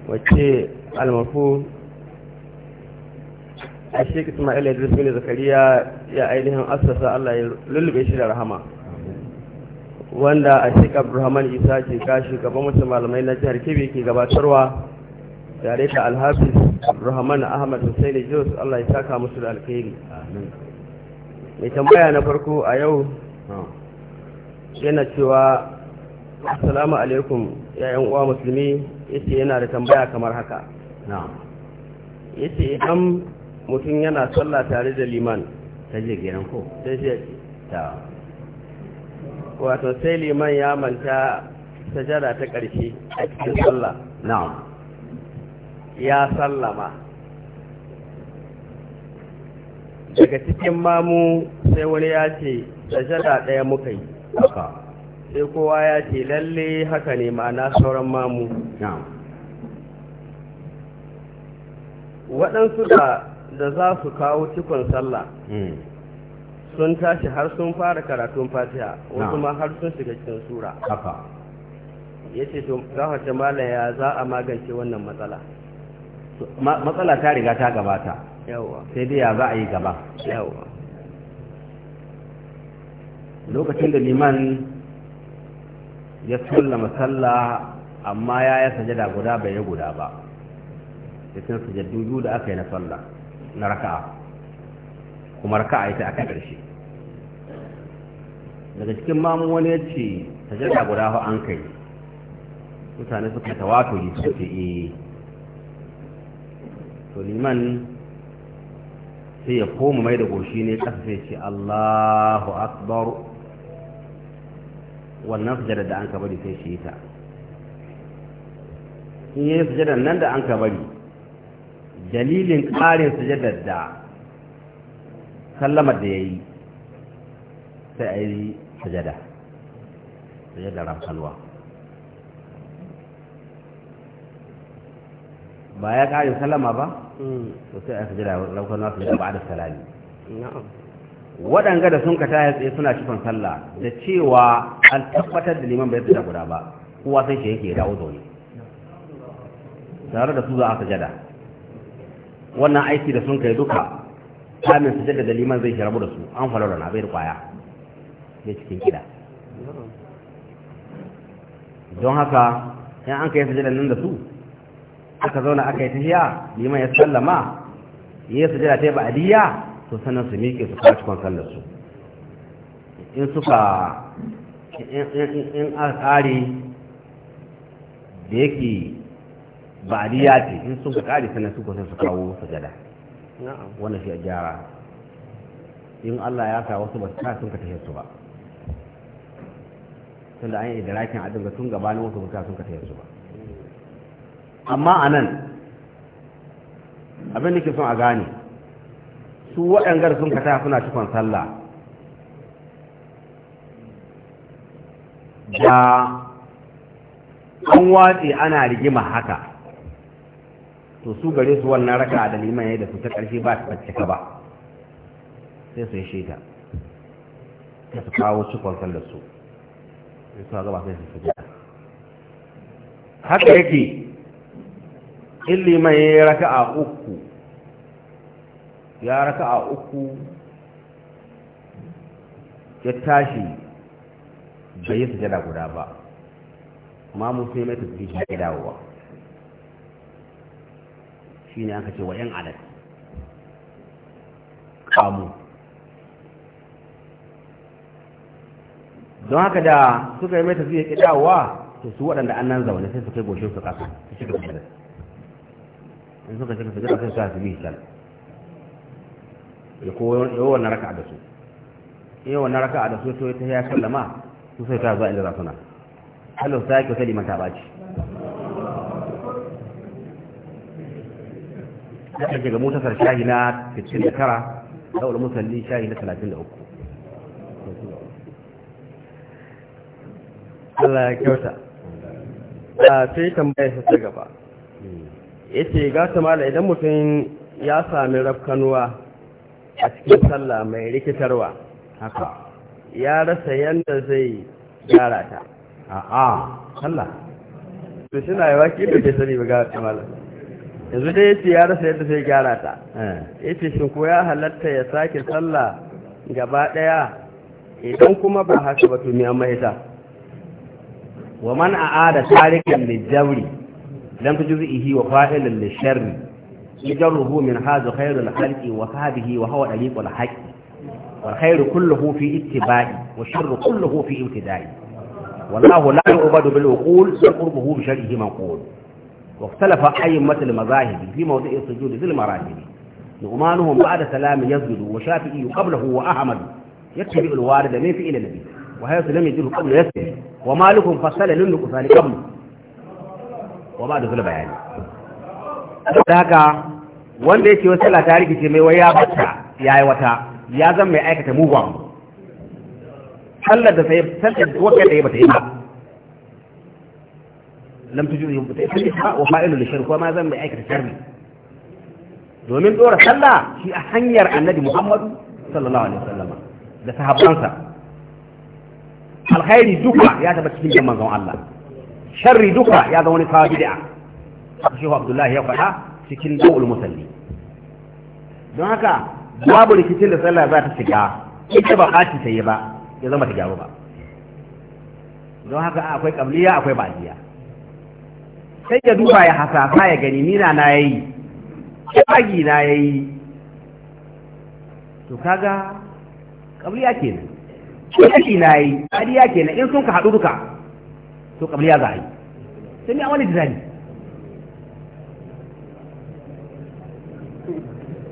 wacce almarfu a ismail ya zirfin zakariya ya ainihin asasa allah ya lullube shi da rahama wanda a shek abdulrahman isa ce kashi gaban wasu malamai na jihar kebe ke gabatarwa tare da alhafiz abdulrahman ahmad hussein jos allah ya saka musu da alkhairi mai tambaya na farko a yau yana cewa assalamu alaikum yayan uwa musulmi yace yana da tambaya kamar haka yace idan mutum yana sallah tare da liman ta je gidan ko ta je ta wato sai liman ya manta sajada ta ƙarshe a cikin sallah na'am ya sallama daga cikin mamu sai wani ya ce sajada ɗaya muka yi sai kowa ya ce lalle haka ne ma'ana sauran mamu waɗansu da da za su kawo cikon sallah hmm. sun tashi har sun fara karatun fatiha wasu ma har sun shiga cikin sura ya ce to gafashe mala ya za a magance wannan matsala matsala ta riga ta gabata sai dai ya za a yi gaba lokacin da liman ya tulla masalla amma ya yi sajada guda bai yi guda ba cikin sajadu biyu da aka yi na sallah na raka'a kuma raka'a ita aka ƙarshe daga cikin mamun wani ya ce ta jirga guda hau an kai mutane suka ta wato yi su ce eh to liman sai ya koma mai da goshi ne ƙasa sai ce allahu akbar wannan sujada da an ka bari sai shi ta in yi sujada nan da an ka bari dalilin ƙarin sujadar da sallamar da ya yi sai a yi sujada sujadar ramsalwa ba ya ƙarin sallama ba to sai a sujada ramsalwa su ba da salami waɗanga da sun ka taya tsaye suna cikin sallah da cewa an tabbatar da liman bai sujada guda ba kowa sai shi yake dawo zaune tare da su za a sujada wannan aiki da sun kai duka kamin su jaddada liman zai rabu da su an falara na bai kwaya ne cikin gida don haka in an kai sujada nan da su aka zauna aka yi tafiya liman ya sallama ya yi sujada ta yi ba'adiyya to sannan su miƙe su fara cikin sallar su in suka in a tsari da yake ba'diya ce in sun ka kare sanan su sai su kawo sujada na'am wannan shi a gyara in Allah ya sa wasu ba su ka sun ka tafi su ba tunda an yi idrakin abin ga tun gabanin wasu ba sun ka tafi su ba amma anan abin da ke son a gane su waɗangar sun ka tafi suna cikon sallah da an watse ana rigima haka to su gare su wannan raka da liman ya da su ta ƙarshe ba ta cika ba sai su yi sheta ta su kawo cikon sallar su sai su gaba sai su fita haka yake in liman ya yi raka a uku ya raka a uku ya tashi bai yi sujada guda ba mu sai mai tafi shi dawowa ne aka ce wa yan adad kamu don haka da suka yi mai tafiya kidawa to su waɗanda an nan zaune sai su kai goshe su kasa su shiga sujada in suka shiga sujada sai su su bi sal ya koyo yawon wannan a da su yau wannan a da su to ta ya sallama su sai ta zuwa inda za su na Allah ta yi sai liman ba ce. ya kaje ga motar shahi na 69 daular musalli shahi na 33 Allah ya kyauta a sai tambayar ta gaba Ya ce ga mala idan mutum ya sami rafkanuwa a cikin sallah mai rikitarwa haka ya rasa yadda zai gyara ta a'a sallah su suna yawa waki da ke sani ba ga mala yanzu dai yace ya rasa yadda zai gyara ta yace shin ko ya halatta ya sake sallah gaba daya idan kuma ba haka ba to me amma ita wa man aada tarikan lijawri lam tujzihi wa fa'ilan lisharri ijaruhu min hadha khairul khalqi wa hadhihi wa huwa daliqul haqqi wal khairu kulluhu fi ittiba'i wa sharru kulluhu fi ibtida'i والله لا يعبد بالعقول وقربه بشرعه منقول واختلف أئمة المذاهب في موضع السجود ذي المراهب نؤمانهم بعد سلام يسجد وشافعي قبله وأحمد يتبع الوارد من فئل النبي وهي لم يجده قبل يسجد ومالك فصل للنقصان قبله وبعد ذلك بيان haka wanda yake wasu sallah ta rikice mai waya bata yayi wata ya zama mai aikata mugun sallar da sai sallar da wata da ya bata yi ba lam tuju yin buta ita wa fa'ilu li shirku ma zan mai aikata sharri domin dora sallah shi a hanyar annabi Muhammadu sallallahu alaihi wasallam da sahabbansa alkhairi duka ya tabbata cikin manzon Allah sharri duka ya ga wani kawo bid'a shehu Abdullahi ya faɗa cikin da'ul musalli don haka babu rikicin da sallah za ta shiga ita ba ɓaci ta yi ba ya zama ta gyaru ba don haka akwai kabliya akwai ba'diya sai ya duba ya hasafa ya gani nina na ya yayi shagi na yi to kaga kabliya kenan shagi na ya yi yayi ke kenan in sun ka haɗu duka to ya za a yi sai ni a wani dizani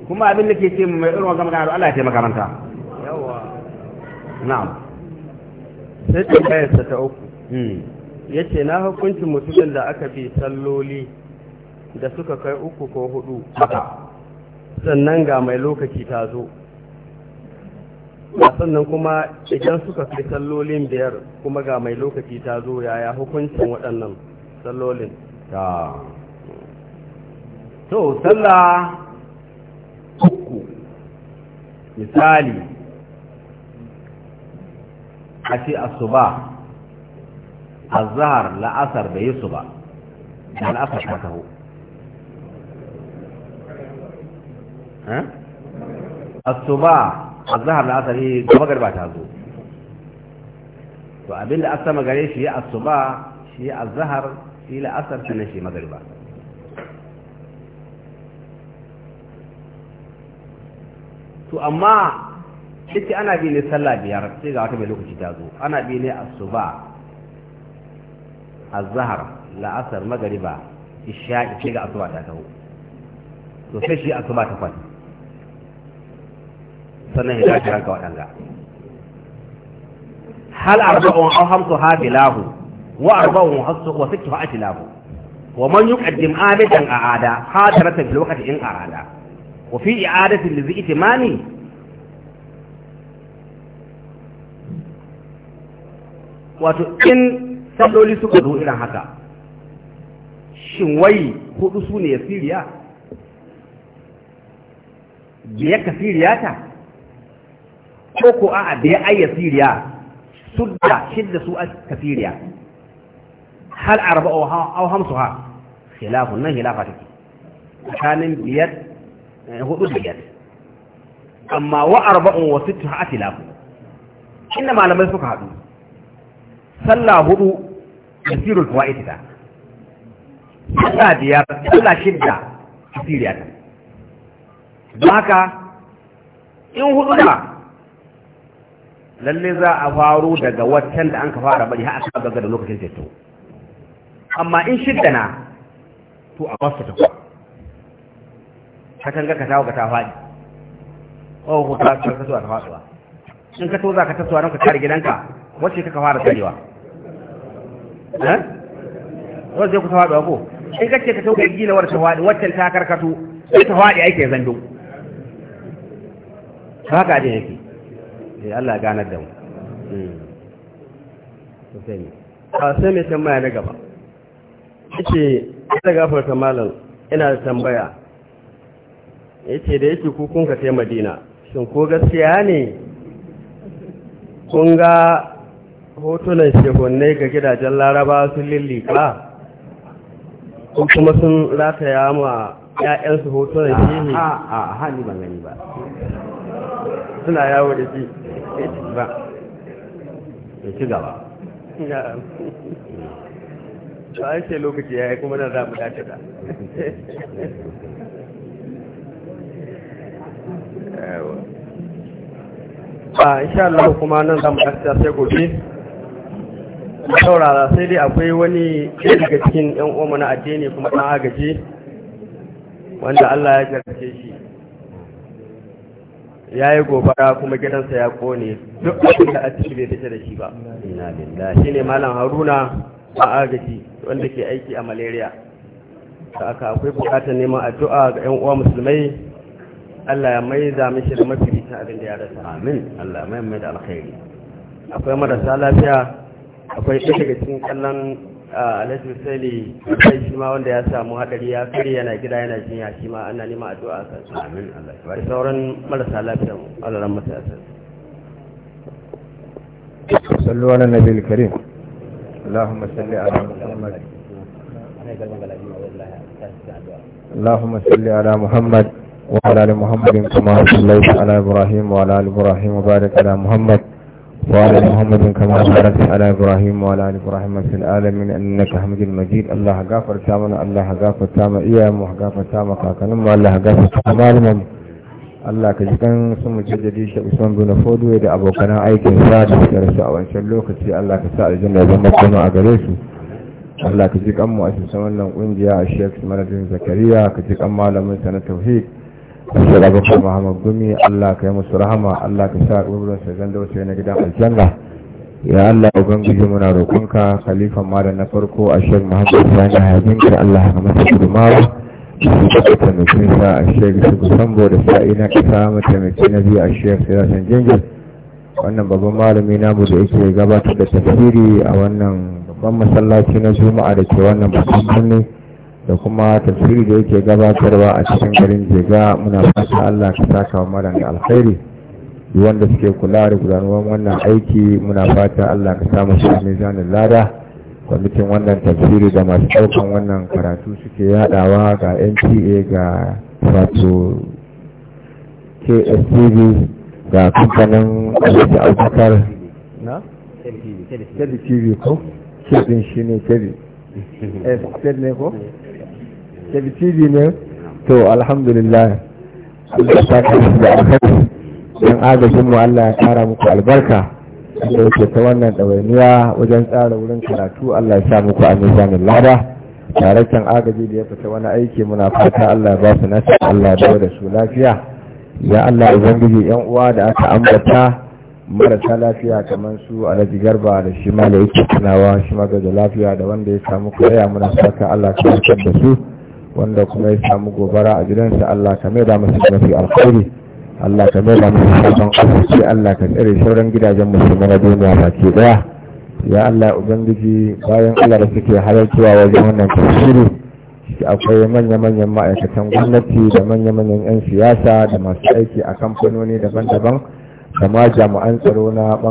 kuma abin da ke ce mai irin wanzan magana Allah ya taimaka manta yawa na'am sai tambayarsa ta uku hmm. Ya ce na hukuncin mutumin da aka bi salloli da suka kai uku ko hudu sannan ga mai lokaci ta zo sannan kuma idan suka kai sallolin biyar kuma ga mai lokaci ta zo yaya hukuncin waɗannan sallolin to sallah uku misali a ce asuba الظهر la'asar bai yi su ba da la'asar ta taho asuba azhar la'asar yi gaba garba هذا to ما da asama gare shi الظهر asuba shi أثر azhar shi la'asar to amma ita ana bi ne sallah biyar sai ga wata mai lokaci ta zo ana bi ne ba. azhar la'asar magariba isha'i sai ga ta kawo to shi asuba ta kwanta sannan ya tashi ranka waɗanga hal arba'un aw hamsu ha bilahu wa arba'un hasu wa sittu ha atilahu wa man yuqaddim abidan fi wato in salloli suka zo irin haka shin wai hudu su ne ya yasiriya biya kasiriya ta ko ko a'a biya ai yasiriya sudda shidda su ka kasiriya hal arba aw hamsu ha khilafun nan khilafa take tsakanin biyar eh, hudu da biyar amma wa arba'un wa sittu ha atilafu inda malamai suka haɗu sallah hudu Kasiru fawaid ta sallah biyar sallah shidda kasiriya ta don haka in hudu da lalle za a faro daga watan da an ka fara bari har aka gaga lokacin tattu amma in shidda na to a basu ta kuwa hakan ka tawo ta faɗi oh ko ta ka ta ta faɗuwa in ka to za ka tasowa ranka kare gidanka wacce ka fara tarewa Eh? wanda sai ku tawaɗuwa ko in kace ka tauka gila wata tawaɗi waccan ta karkato sai tawaɗi ake zando haka abin yake Eh Allah ya ganar da mu hmm. sai ne a sai mai tambaya na gaba yace ta gafarta malam ina da tambaya yace da yake ku kun ka tai Madina shin ko gaskiya ne kun ga hotunan shehunai ga gidajen laraba sun lillika kuma sun rataya ma 'ya'yansu hotunan ne a hali ba gani ba suna yawo da shi ba ya ci gaba ba a ce lokaci ya yi kuma na zaɓi da dace da a insha Allah kuma nan zamu mu dace sai gobe saurara sai dai akwai wani daga cikin yan uwa na addini kuma ɗan agaji wanda Allah ya jarce shi ya yi gobara kuma gidansa ya kone duk abin da a ciki bai fita da shi ba ina lillahi shine malam haruna a agaji wanda ke aiki a malaria da aka akwai bukatar neman addu'a ga yan uwa musulmai Allah ya mai da mishi da mafi abin da ya rasa amin Allah mai mai da alkhairi akwai marasa lafiya akwai ɗaya daga cikin kallon alhaji misali kai shi ma wanda ya samu hadari ya kare yana gida yana jinya shi ma ana nema addu'a kan su amin Allah sauran marasa lafiya Allah ran masa yasa sallu ala nabiyil karim اللهم صل على محمد اللهم صل على محمد وعلى ال محمد كما صليت على ابراهيم وعلى ال ابراهيم وبارك على محمد وعلى محمد كما باركت على ابراهيم وعلى ال ابراهيم في العالمين انك حميد مجيد الله غافر تامنا الله غافر تام ايا غافر تام كاكنم الله غافر تام مالمم Allah ka ji kan sun mu jaddadi shi Usman bin Fodu da abokanan aikin sa da suka rasu a wancan lokaci Allah ka sa aljanna zama kuma a gare su Allah ka ji kan mu a cikin wannan kungiya a Sheikh Zakariya ka ji kan na tauhid da baka Muhammad Gumi Allah ka yi musu rahama Allah ka sa ƙuburin su zan dauce na gidan aljanna ya Allah ubangiji muna roƙonka khalifa mara na farko a shek Muhammad Sani Hajinka Allah ka masa gudumawa da taimakin sa a shek Shugu Sambo da sa'i na ƙasa mataimaki na biyu a shek Sirasan Jinjin wannan babban malami namu da yake gabatar da tafsiri a wannan babban masallaci na Juma'a da ke wannan babban birni da kuma tafsiri da yake gabatarwa a cikin garin jega muna fata Allah ka saka wa mara da alkhairi wanda suke kula da gudanarwar wannan aiki muna fata Allah ka samu shi a mizanin lada kwamitin wannan tafsiri da masu ɗaukan wannan karatu suke yadawa ga NTA ga wato KSTV ga kamfanin Alhaji Abubakar na? TV ko? Kedin shi ne Kedin. Eh, ne ko? TV ne to alhamdulillah Allah ta shi da alkhairi dan agajin mu Allah ya kara muku albarka da yake ta wannan ɗawainiya wajen tsara wurin karatu Allah ya sa muku a mizanin lada daraktan agaji da ya fita wani aiki muna fata Allah ya ba su nasa Allah ya da su lafiya ya Allah ubangiji yan uwa da aka ambata marasa lafiya kamar su alhaji garba da shi ma da yake tunawa shi ma da lafiya da wanda ya samu koya muna fata Allah ya da su wanda kuma ya samu gobara a gidansa Allah ka mai da masu mafi alkhairi Allah ka mai da masu sauran asusi Allah ka tsare sauran gidajen musulmi na duniya ba ke daya ya Allah ubangiji bayan Allah da suke halartuwa wajen wannan tafsiri akwai manya-manyan ma'aikatan gwamnati da manya-manyan 'yan siyasa da masu aiki a kamfanoni daban-daban da ma jami'an tsaro na